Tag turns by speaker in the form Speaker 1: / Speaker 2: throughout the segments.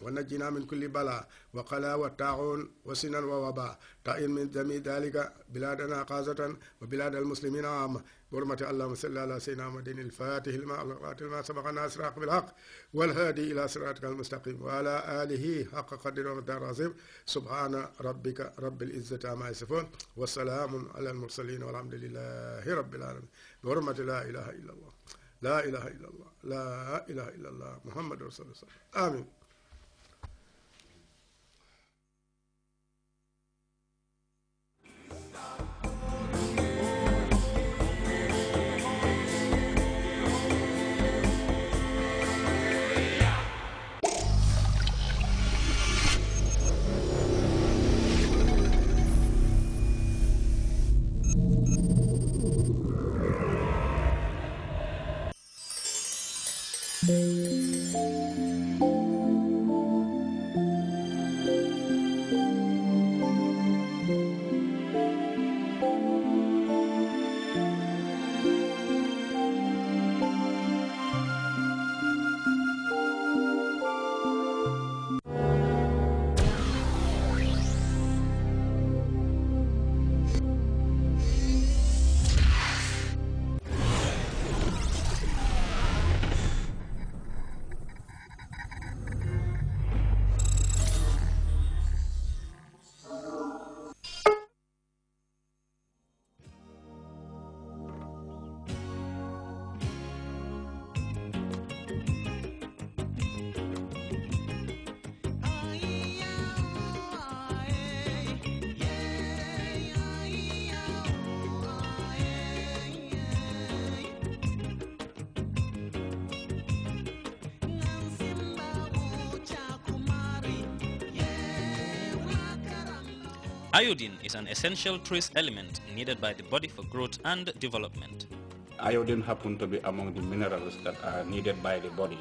Speaker 1: ونجينا من كل بلاء وقلا وطاعون وسنن ووباء طائر من جميع ذلك بلادنا قازة وبلاد المسلمين عام برمة اللهم صل على سيدنا محمد الفاتح المعلومات ما سبق الناس بالحق والهادي إلى صراطك المستقيم وعلى آله حق قدر ومقدار عظيم سبحان ربك رب العزة عما يصفون والسلام على المرسلين والحمد لله رب العالمين برمة لا إله إلا الله لا إله إلا الله لا إله إلا الله محمد رسول الله آمين Thank you.
Speaker 2: Iodine is an
Speaker 3: essential trace element needed by the body for growth and development. Iodine happens to be among the minerals that are needed by the body.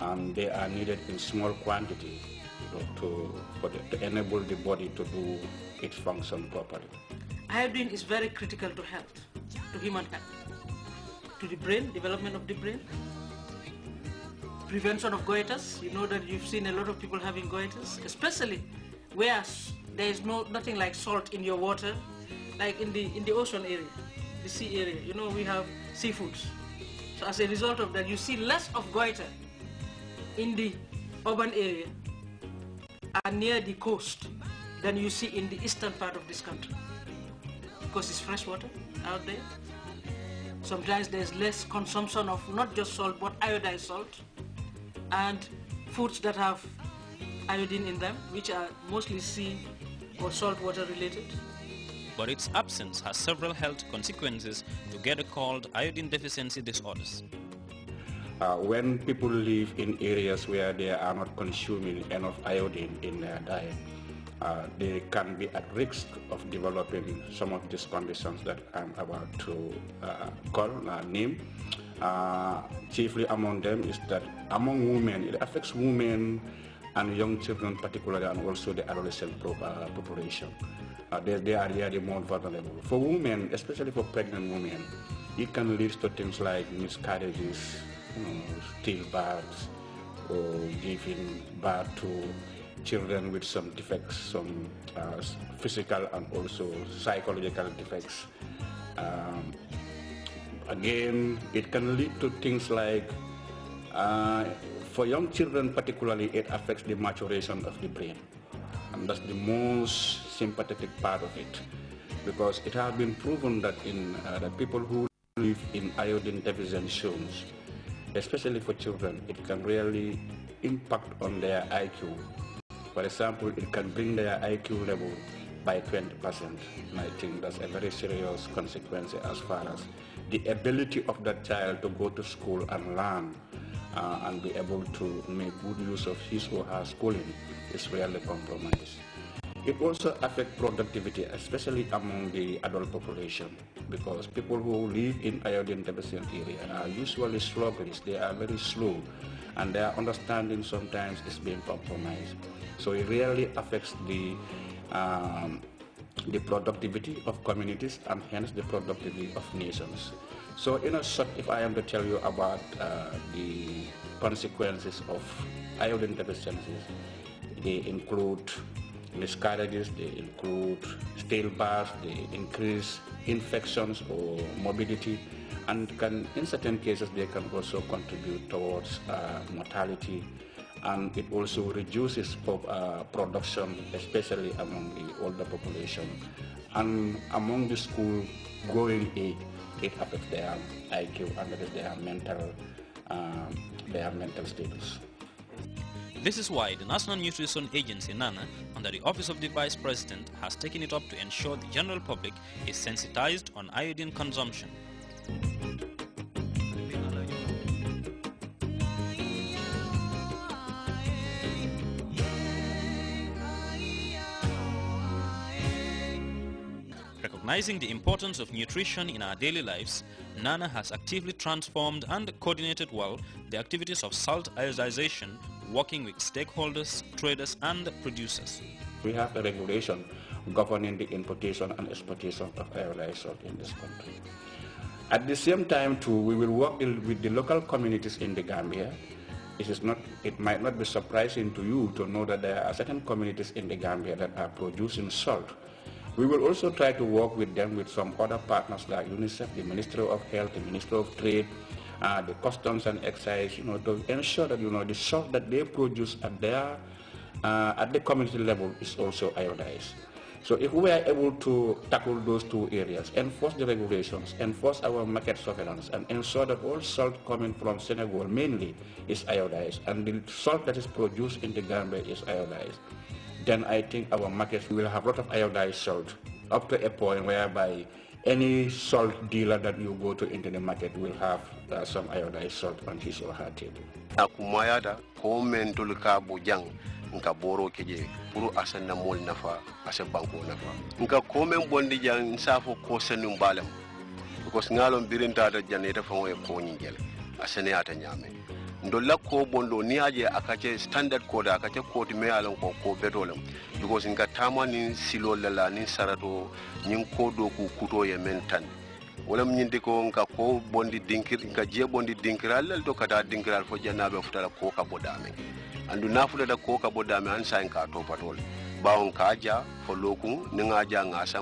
Speaker 3: Um, they are needed in small quantities you know, to, the, to enable the body to do its function
Speaker 2: properly. Iodine is very critical to health, to human health, to the brain, development of the brain, prevention of goiters. You know that you've seen a lot of people having goiters, especially where there is no nothing like salt in your water, like in the in the ocean area, the sea area. You know we have seafoods. So as a result of that, you see less of goiter in the urban area and near the coast than you see in the eastern part of this country because it's fresh water out there. Sometimes there's less consumption of not just salt but iodized salt and foods that have iodine in them, which are mostly sea or water related.
Speaker 3: But its absence has several health consequences together called iodine deficiency disorders. Uh, when people live in areas where they are not consuming enough iodine in their diet, uh, they can be at risk of developing some of these conditions that I'm about to uh, call, uh, name. Uh, chiefly among them is that among women, it affects women and young children particularly and also the adolescent uh, population. Uh, they, they, are, really more vulnerable. For women, especially for pregnant women, it can lead to things like miscarriages, you know, stillbirths, or giving birth to children with some defects, some uh, physical and also psychological defects. Um, again, it can lead to things like uh, for young children particularly, it affects the maturation of the brain. And that's the most sympathetic part of it. Because it has been proven that in uh, the people who live in iodine deficient zones, especially for children, it can really impact on their IQ. For example, it can bring their IQ level by 20%. And I think that's a very serious consequence as far as the ability of that child to go to school and learn uh, and be able to make good use of his or her schooling is rarely compromised. It also affects productivity, especially among the adult population, because people who live in iodine deficient area are usually sluggish, they are very slow, and their understanding sometimes is being compromised. So it really affects the um, the productivity of communities and hence the productivity of nations. So in a short, if I am to tell you about uh, the consequences of iodine deficiencies, they include miscarriages, they include stillbirths, they increase infections or morbidity, and can, in certain cases, they can also contribute towards uh, mortality, and it also reduces uh, production, especially among the older population and among the school-going age it affects their IQ and their mental, uh, um, their mental status. This is why the National Nutrition Agency, NANA, under the Office of the Vice President, has taken it up to ensure the general public is sensitized on iodine consumption Recognizing the importance of nutrition in our daily lives, Nana has actively transformed and coordinated well the activities of salt iodization, working with stakeholders, traders and producers. We have a regulation governing the importation and exportation of iodized salt in this country. At the same time too, we will work with the local communities in the Gambia it is not it might not be surprising to you to know that there are certain communities in the Gambia that are producing salt we will also try to work with them with some other partners like UNICEF, the Ministry of Health, the Ministry of Trade, uh, the Customs and Excise, you know, to ensure that, you know, the salt that they produce at their, uh, at the community level is also iodized. So if we are able to tackle those two areas, enforce the regulations, enforce our market surveillance, and ensure that all salt coming from Senegal mainly is iodized, and the salt that is produced in the Gambia is iodized, then I think our market will have a lot of iodized salt up to a point whereby any salt dealer that you go to into the market will have uh, some iodized salt on his or her table.
Speaker 1: Akumayada, komen tulka bujang, nka boro keje, puru asan na mol nafa, asan banko nafa. Nka komen bondi jang nsafo kosen numbalem, because ngalon birinta da janeta fango ya konyingele, asane ata nyame. dolla ko bondo ni aje akake standard code akake code me alan ko ko betolem because nga tama ni silo lala ni sarato nyin ko do ku kuto ye men tan wala min ko nka ko bondi dinkir nka je bondi dinkiral lal to kata dinkiral fo jannabe futala ko ka bodame andu na futala ko ka bodame an sa ka to patol bawon ka aja fo lokun ni nga aja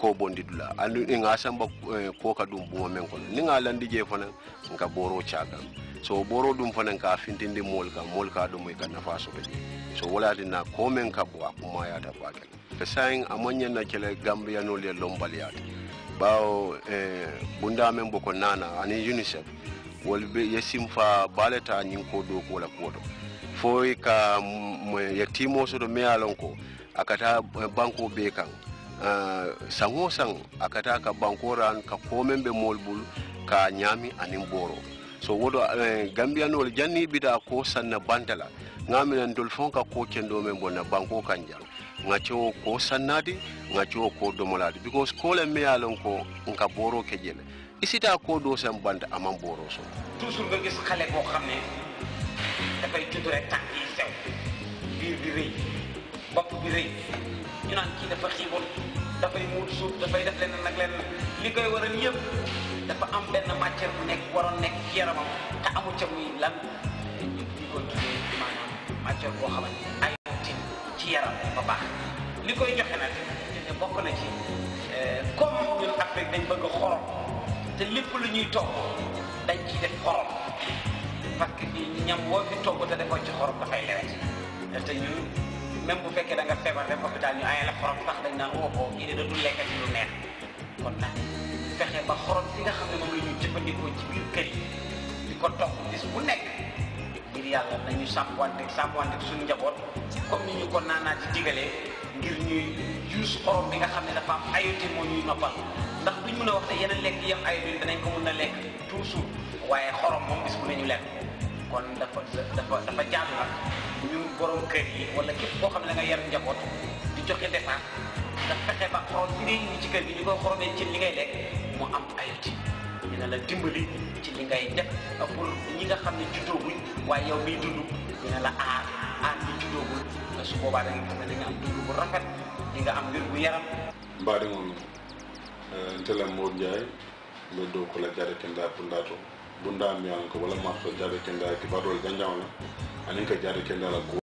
Speaker 1: ko bondi dula andu nga eh, ko ka dum bumo men kono ni nga je fana nka boro chagam so boro dum fanen ka fintindi mool ka mool ka ɗum ka nafa be so wala ko komen ka bo a ba kan fa sayin a na kele gambiyanol ye ya bawo e men boko nana ani unicef wol be yesim fa baleta ñin ko do ko wala kuwoto foy ka ye timosoɗo meyalon ko akata eh, banko be kan eh, sango sang akata ka bankoran ka komen be molbul ka nyami anin boro so wodo eh, no wol janni bida ko sanna bantala ngaminen dol fon ka ko kendo men bonna banko kan jang ngacho ko sannadi ngacho ko domoladi because ko le me yalon ko nka boro kejele isita ko do sam banda amam boro so
Speaker 2: toujours ngi gis xale ko xamne da dafay tudd rek tànk yi sew bir bi rëy bop bi rëy ñu naan kii dafa xiiboon dafay muut suuf dafay def leneen nag leneen li koy waral yëpp dafa am benn matière bu nekk waroon nekk ci yaramam te amu ca muy lan ñu koy boo xamante ni ay tin ci yaram ba baax li koy joxe nag te bokk na ci euh, comme ñun Afrique dañ bëgg xorom te lépp lu ñuy togg dañ ciy def xorom parce que ñam boo fi togg te defoo ci xorom dafay lewet te ñun même bu fekkee da nga feebar dem hôpital ñu aye la xorom sax dañ naan ookoo oh oh kii de dootul lekkati lu neex kon nag fexe ba xorom si xam ne moom la ñu jëfandikoo ci biir kër yi di ko togg bis bu nekk ngir yàlla nañu sàmmanteeg sàmmanteeg suñu njaboot comme ni ñu ko naanaa ci digalee ngir ñuy juus xorom bi nga xam ne dafa am ayote moo ñuy noppal ndax duñ mën a wax ne yeneen lekk yi am ayote danañ ko mën a lekk toujours waaye xorom moom bis bu ne ñu lekk kon dafa dafa dafa jaadu nag ñu borom kër yi wala képp koo xam ne nga yar njaboot di joxe dépense nga fexe ba xool lii ñu ci kër gi ñu koy xoromee ci li ngay lekk mu am ayoti dina la dimbali ci li ngay def pour ñi nga xam ne juddooguñ waaye yow miy dund dina la aar aar ñi juddoogul su boobaa da nga gis nga am dund bu rafet di nga am wér yaram
Speaker 1: moom njaay ko la ko wala marto anin ka jaari kella la